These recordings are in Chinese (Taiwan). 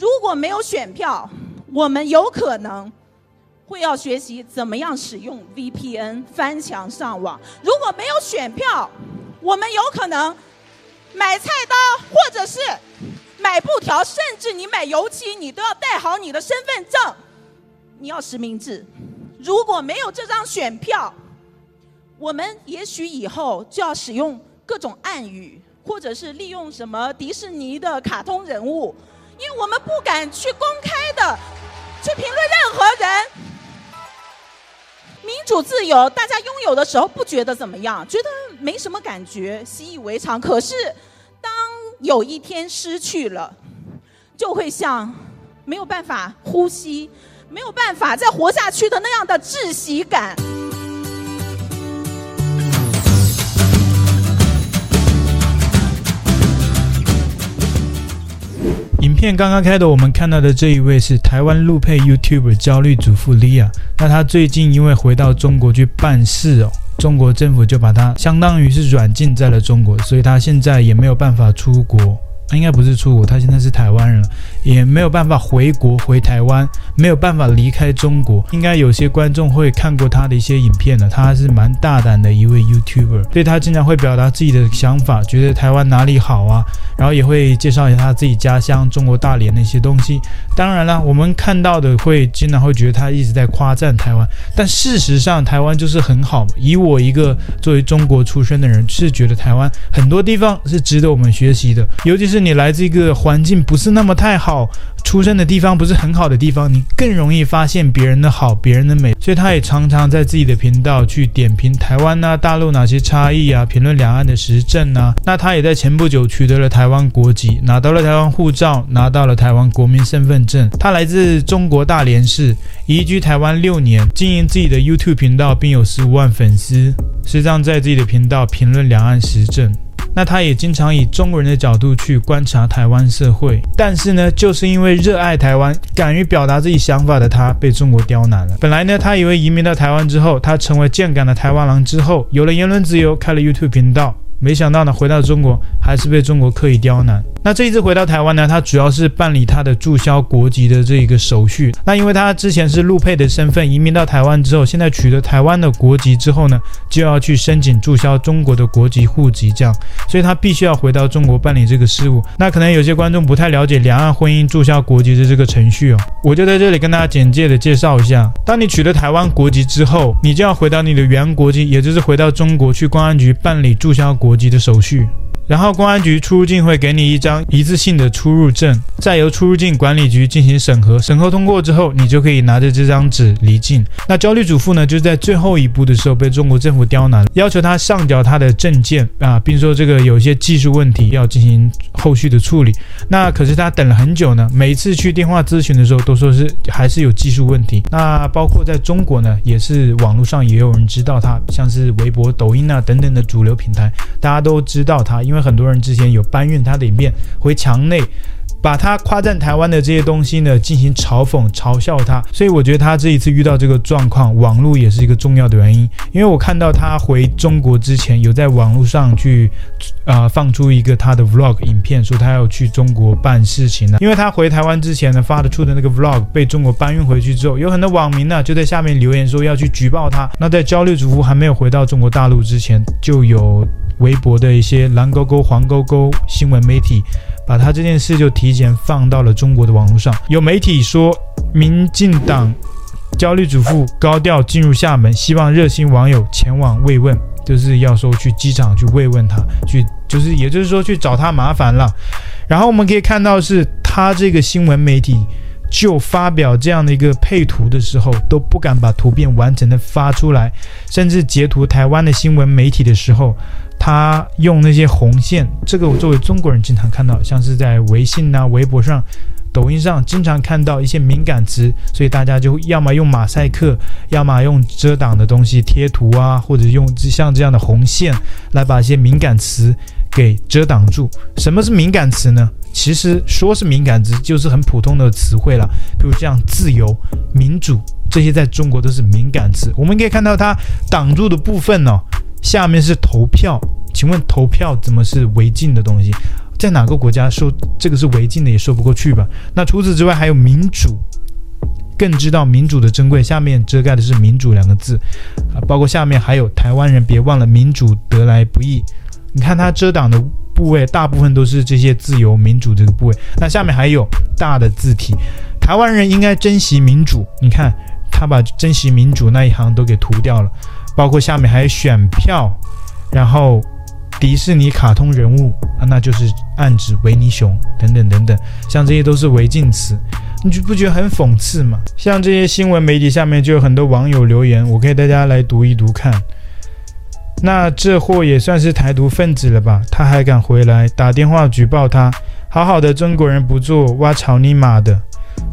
如果沒有選票，我們有可能會要學習怎麼樣使用 VPN 翻牆上網。如果沒有選票，我們有可能買菜刀或者是買布條，甚至你買油漆，你都要帶好你的身份證，你要實名制。如果沒有這張選票，我們也許以後就要使用各種暗語，或者是利用什麼迪士尼的卡通人物。因為我們不敢去公開的去評論任何人。民主自由，大家擁有的時候不覺得怎麼樣，覺得沒什麼感覺，習以為常。可是，當有一天失去了，就會像沒有辦法呼吸，沒有辦法再活下去的那樣的窒息感。片剛剛開頭，我們看到的這一位是台灣陸配 YouTuber 焦慮主婦 Lia。那她最近因為回到中國去辦事哦，中國政府就把她相當於是軟禁在了中國，所以她現在也沒有辦法出國。啊，應該不是出國，她現在是台灣人了。也沒有辦法回國回台灣，沒有辦法離開中國。應該有些觀眾會看過他的一些影片的，他還是蠻大膽的一位 YouTuber，對，他經常會表達自己的想法，覺得台灣哪裡好啊，然後也會介紹一下他自己家鄉中國大連的一些東西。當然了，我們看到的會經常會覺得他一直在誇讚台灣，但事實上台灣就是很好。以我一個作為中國出身的人，是覺得台灣很多地方是值得我們學習的，尤其是你來這個環境不是那麼太好。出生的地方不是很好的地方，你更容易發現別人的好，別人的美。所以他也常常在自己的頻道去點評台灣啊、大陸哪些差異啊，評論兩岸的時政啊。那他也在前不久取得了台灣國籍，拿到了台灣護照，拿到了台灣國民身份證。他來自中國大連市，移居台灣六年，經營自己的 YouTube 頻道，並有十五萬粉絲。實際上，在自己的頻道評論兩岸時政。那他也經常以中國人的角度去觀察台灣社會，但是呢，就是因為熱愛台灣、敢於表達自己想法的他，被中國刁難了。本來呢，他以為移民到台灣之後，他成為正港的台灣郎之後，有了言論自由，開了 YouTube 頻道。沒想到呢，回到中國還是被中國刻意刁難。那這一次回到台灣呢，他主要是辦理他的註銷國籍的這一個手續。那因為他之前是陸配的身份移民到台灣之後，現在取得台灣的國籍之後呢，就要去申請註銷中國的國籍戶籍證，所以他必須要回到中國辦理這個事務。那可能有些觀眾不太了解兩岸婚姻註銷國籍的這個程序哦，我就在這裡跟大家簡介的介紹一下：當你取得台灣國籍之後，你就要回到你的原國籍，也就是回到中國去公安局辦理註銷國籍國籍的手續。然後公安局出入境會給你一張一次性的出入證，再由出入境管理局進行審核，審核通過之後，你就可以拿着這張紙離境。那焦慮主婦呢，就在最後一步的時候被中國政府刁難，要求他上繳他的證件啊，並說這個有些技術問題要進行後續的處理。那可是他等了很久呢，每次去電話諮詢的時候都說是還是有技術問題。那包括在中國呢，也是網絡上也有人知道他，像是微博、抖音啊等等的主流平台，大家都知道他，因為。很多人之前有搬運它的一面回牆內。把他誇讚台灣的這些東西呢，進行嘲諷嘲笑他，所以我覺得他這一次遇到這個狀況，網絡也是一個重要的原因。因為我看到他回中國之前有在網絡上去，啊、呃、放出一個他的 vlog 影片，說他要去中國辦事情了，啊。因為他回台灣之前呢發的出的那個 vlog 被中國搬運回去之後，有很多網民呢，就在下面留言說要去舉報他。那在焦慮主婦還沒有回到中國大陸之前，就有微博的一些藍勾勾、黃勾勾新聞媒體。把，啊，他這件事就提前放到了中國的網絡上，有媒體說，民進黨焦慮主婦高調進入廈門，希望熱心網友前往慰問，就是要說去機場去慰問他，去就是也就是說去找他麻煩了。然後我們可以看到是，是他這個新聞媒體就發表這樣的一個配圖的時候，都不敢把圖片完整的發出來，甚至截圖台灣的新聞媒體的時候。他用那些紅線，這個我作為中國人經常看到，像是在微信吶、啊、微博上、抖音上經常看到一些敏感詞，所以大家就要麼用馬賽克，要麼用遮擋的東西、貼圖啊，或者用像這樣的紅線來把一些敏感詞給遮擋住。什麼是敏感詞呢？其實說是敏感詞，就是很普通的詞彙了，比如這樣“自由”“民主”這些在中國都是敏感詞。我們可以看到它擋住的部分呢、哦。下面是投票，請問投票怎麼是違禁的東西？在哪個國家說這個是違禁的也說不過去吧？那除此之外還有民主，更知道民主的珍貴。下面遮蓋的是民主兩個字，啊，包括下面還有台灣人，別忘了民主得來不易。你看他遮擋的部位大部分都是這些自由、民主這個部位。那下面還有大的字體，台灣人應該珍惜民主。你看他把珍惜民主那一行都給塗掉了。包括下面還有選票，然後迪士尼卡通人物啊，那就是暗指維尼熊等等等等，像這些都是違禁詞，你就不覺得很諷刺嗎？像這些新聞媒體下面就有很多網友留言，我給大家來讀一讀看。那這貨也算是台獨分子了吧？他還敢回來打電話舉報他？好好的中國人不做挖草泥馬的，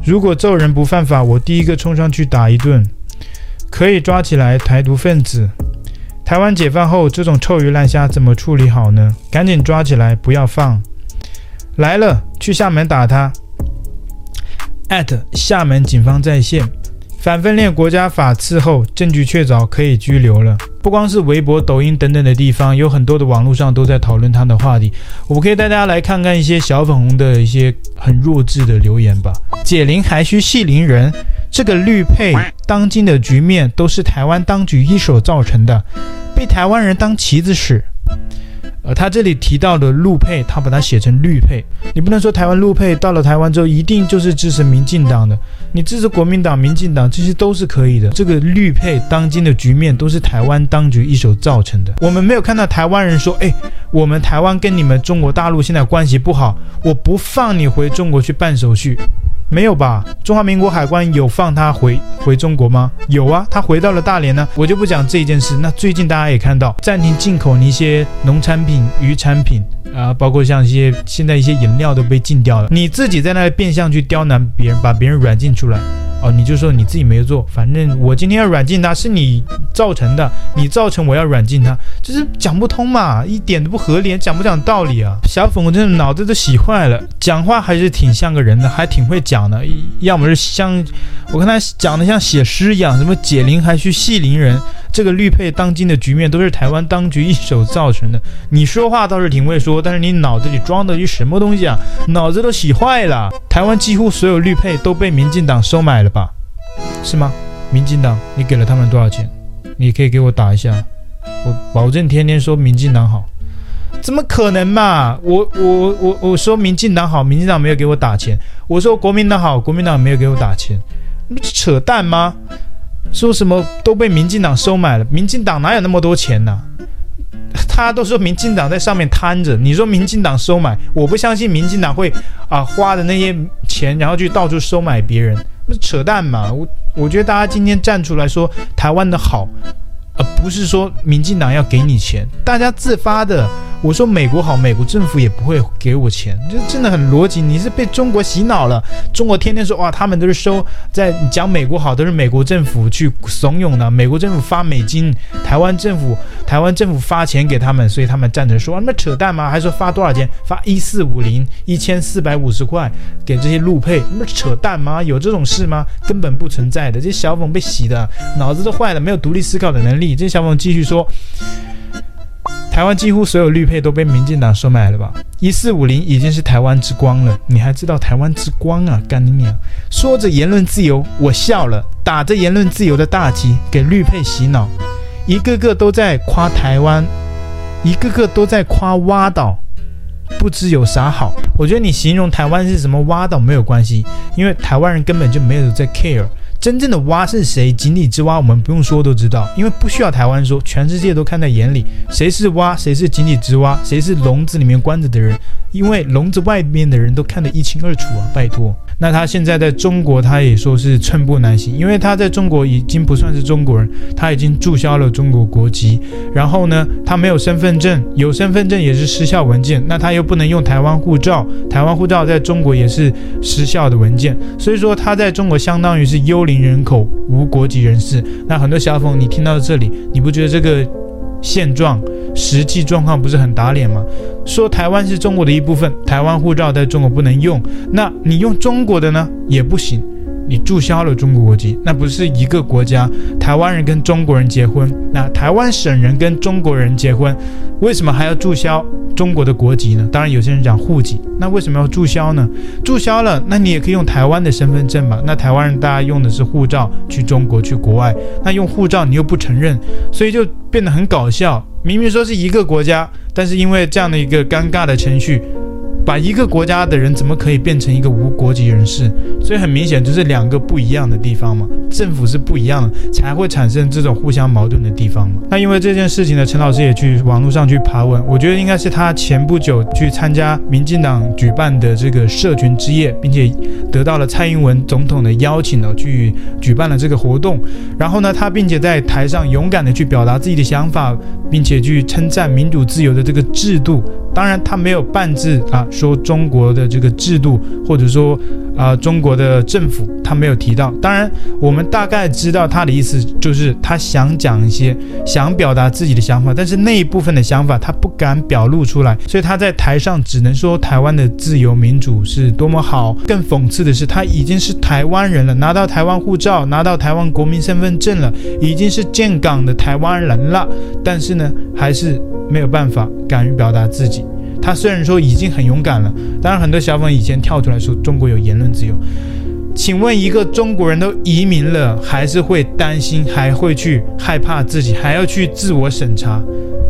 如果揍人不犯法，我第一個衝上去打一頓。可以抓起來，台獨分子！台灣解放後，這種臭魚爛蝦怎麼處理好呢？趕緊抓起來，不要放。來了，去廈門打他。艾特廈門警方在線，反分裂國家法伺候，證據確鑿，可以拘留了。不光是微博、抖音等等的地方，有很多的網絡上都在討論他的話題。我可以帶大家來看看一些小粉紅的一些很弱智的留言吧。解鈴還須繫鈴人。這個綠配當今的局面都是台灣當局一手造成的，被台灣人當棋子使。呃，他這裡提到的陸配，他把它寫成綠配，你不能說台灣陸配到了台灣之後一定就是支持民進黨的，你支持國民黨、民進黨，這些都是可以的。這個綠配當今的局面都是台灣當局一手造成的，我們沒有看到台灣人說，哎，我們台灣跟你們中國大陸現在關係不好，我不放你回中國去辦手續。沒有吧？中華民國海關有放他回回中國嗎？有啊，他回到了大連呢、啊。我就不講這件事。那最近大家也看到，暫停進口的一些農產品、魚產品啊、呃，包括像一些現在一些飲料都被禁掉了。你自己在那變相去刁難別人，把別人軟禁出來。哦，你就說你自己沒做，反正我今天要軟禁他，是你造成的，你造成我要軟禁他，就是講不通嘛，一點都不合理，講不講道理啊？小粉紅真的腦子都洗壞了，講話還是挺像個人的，還挺會講的，要麼是像我看他講的像寫詩一樣，什麼解鈴還須繫鈴人，這個陸配當今的局面都是台灣當局一手造成的。你說話倒是挺會說，但是你腦子裡裝的是什麼東西啊？腦子都洗壞了。台灣幾乎所有陸配都被民進黨收買了。是嗎？民進黨，你給了他們多少錢？你可以給我打一下，我保證天天說民進黨好。怎麼可能嘛？我我我我說民進黨好，民進黨沒有給我打錢。我說國民黨好，國民黨沒有給我打錢。不扯淡嗎？說什麼都被民進黨收買了？民進黨哪有那麼多錢呢、啊？他都說民進黨在上面貪着，你說民進黨收買，我不相信民進黨會啊花的那些錢，然後去到處收買別人。那扯淡嘛！我我覺得大家今天站出來說台灣的好，而不是說民進黨要給你錢，大家自發的。我說美國好，美國政府也不會給我錢，就真的很邏輯。你是被中國洗腦了？中國天天說哇，他們都是收在，在講美國好，都是美國政府去慫恿的。美國政府發美金，台灣政府，台灣政府發錢給他們，所以他們站着說，啊、那麼扯淡嗎？還說發多少錢？發一四五零一千四百五十塊給這些陸配，那麼扯淡嗎？有這種事嗎？根本不存在的。這些小粉被洗的腦子都壞了，沒有獨立思考的能力。這些小粉繼續說。台灣幾乎所有陸配都被民進黨收買了吧？1450已經是台灣之光了，你還知道台灣之光啊？幹你娘！說着言論自由，我笑了，打着言論自由的大旗給陸配洗腦，一個個都在誇台灣，一個個都在誇蛙島，不知有啥好。我覺得你形容台灣是什麼蛙島沒有關係，因為台灣人根本就沒有在 care。真正的蛙是誰？井底之蛙，我們不用說都知道，因為不需要台灣說，全世界都看在眼裡。誰是蛙？誰是井底之蛙？誰是籠子裡面關着的人？因為籠子外面的人都看得一清二楚啊！拜託，那他現在在中國，他也說是寸步難行，因為他在中國已經不算是中國人，他已經注銷了中國國籍，然後呢，他沒有身份證，有身份證也是失效文件，那他又不能用台灣護照，台灣護照在中國也是失效的文件，所以說他在中國相當於是幽靈人口、無國籍人士。那很多小粉紅，你聽到這裡，你不覺得這個？現狀，實際狀況不是很打臉嗎？說台灣是中國的一部分，台灣護照在中國不能用，那你用中國的呢？也不行。你註銷了中國國籍，那不是一個國家。台灣人跟中國人結婚，那台灣省人跟中國人結婚，為什麼還要註銷中國的國籍呢？當然，有些人講戶籍，那為什麼要註銷呢？註銷了，那你也可以用台灣的身份證吧？那台灣人大家用的是護照去中國去國外，那用護照你又不承認，所以就變得很搞笑。明明說是一個國家，但是因為這樣的一個尷尬的程序。把一個國家的人怎麼可以變成一個無國籍人士？所以很明顯就是兩個不一樣的地方嘛，政府是不一樣的，才會產生這種互相矛盾的地方嘛。那因為這件事情呢，陳老師也去網絡上去爬文，我覺得應該是他前不久去參加民進黨舉辦的這個社群之夜，並且得到了蔡英文總統的邀請呢，去舉辦了這個活動。然後呢，他並且在台上勇敢地去表達自己的想法，並且去稱讚民主自由的這個制度。當然，他沒有半字啊。說中國的這個制度，或者說啊、呃、中國的政府，他沒有提到。當然，我們大概知道他的意思，就是他想講一些，想表達自己的想法，但是那一部分的想法他不敢表露出來，所以他在台上只能說台灣的自由民主是多麼好。更諷刺的是，他已經是台灣人了，拿到台灣護照，拿到台灣國民身份證了，已經是正港的台灣人了，但是呢，還是沒有辦法敢於表達自己。他雖然說已經很勇敢了，當然很多小粉紅以前跳出來說中國有言論自由。請問一個中國人都移民了，還是會擔心，還會去害怕自己，還要去自我審查？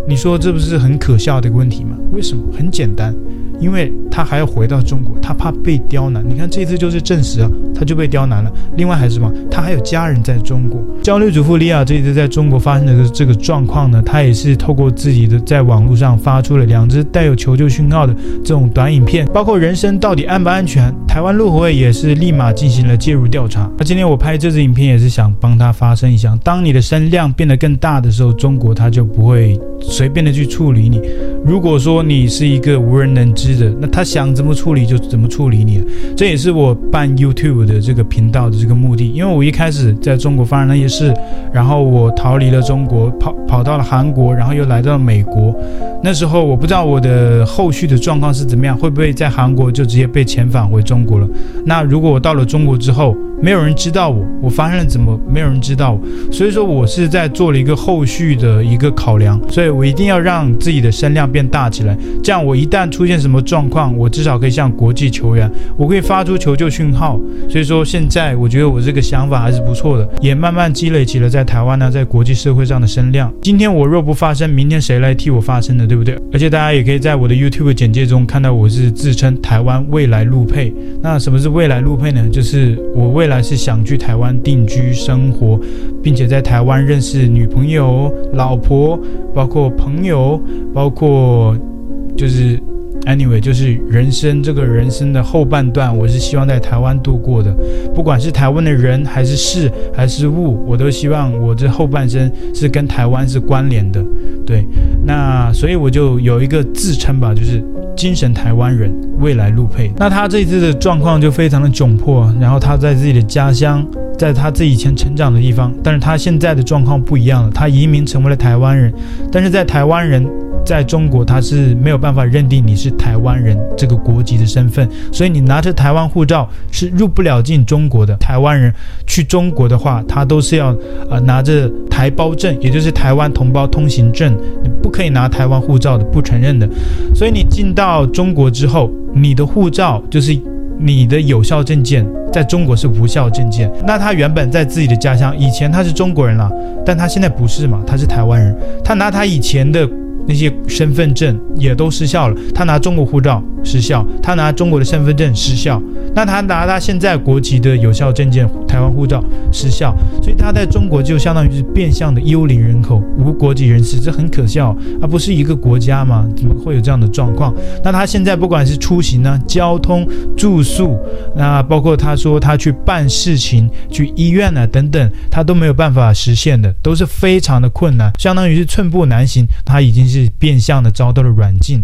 你說這不是很可笑的一個問題嗎？為什麼？很簡單。因為他還要回到中國，他怕被刁難。你看這次就是證實，啊，他就被刁難了。另外還是什麼？他還有家人在中國。焦慮主婦利亞這次在中國發生的這個狀況呢，她也是透過自己的在網絡上發出了兩支帶有求救訊號的這種短影片，包括人身到底安不安全？台灣陸委會也是立馬進行了介入調查。那、啊、今天我拍這支影片也是想幫他發聲一下。當你的聲量變得更大的時候，中國他就不會隨便的去處理你。如果說你是一個無人能知。那他想怎麼處理就怎麼處理你，這也是我辦 YouTube 的這個頻道的這個目的。因為我一開始在中國發生那些事，然後我逃離了中國，跑跑到了韓國，然後又來到了美國。那時候我不知道我的後續的狀況是怎麼樣，會不會在韓國就直接被遣返回中國了。那如果我到了中國之後，沒有人知道我，我發聲了怎麼沒有人知道我？所以說我是在做了一個後續的一個考量，所以我一定要讓自己的聲量變大起來，這樣我一旦出現什麼狀況，我至少可以向國際求援，我可以發出求救訊號。所以說現在我覺得我這個想法還是不錯的，也慢慢積累起了在台灣呢，在國際社會上的聲量。今天我若不發聲，明天誰來替我發聲呢，對不對？而且大家也可以在我的 YouTube 簡介中看到，我是自稱台灣未來陸配。那什麼是未來陸配呢？就是我未。本來是想去台灣定居生活，並且在台灣認識女朋友、老婆，包括朋友，包括就是。Anyway，就是人生這個人生的後半段，我是希望在台灣度過的。不管是台灣的人，還是事，還是物，我都希望我這後半生是跟台灣是關聯的。對，那所以我就有一個自稱吧，就是精神台灣人。未來陸配，那他這次的狀況就非常的窘迫。然後他在自己的家鄉，在他自己以前成長的地方，但是他現在的狀況不一樣了。他移民成為了台灣人，但是在台灣人。在中國，他是沒有辦法認定你是台灣人這個國籍的身份，所以你拿着台灣護照是入不了境中國的。台灣人去中國的話，他都是要呃拿着台胞證，也就是台灣同胞通行證，你不可以拿台灣護照的，不承認的。所以你進到中國之後，你的護照就是你的有效證件，在中國是無效證件。那他原本在自己的家鄉，以前他是中國人了，但他現在不是嘛？他是台灣人，他拿他以前的。那些身份證也都失效了，他拿中國護照失效，他拿中國的身份證失效。那他拿他現在國籍的有效證件，台灣護照失效，所以他在中國就相當於是變相的幽靈人口、無國籍人士，這很可笑、哦。而不是一個國家嘛，怎麼會有這樣的狀況？那他現在不管是出行呢、啊、交通、住宿，那、啊、包括他說他去辦事情、去醫院呢、啊、等等，他都沒有辦法實現的，都是非常的困難，相當於是寸步難行。他已經是變相的遭到了軟禁。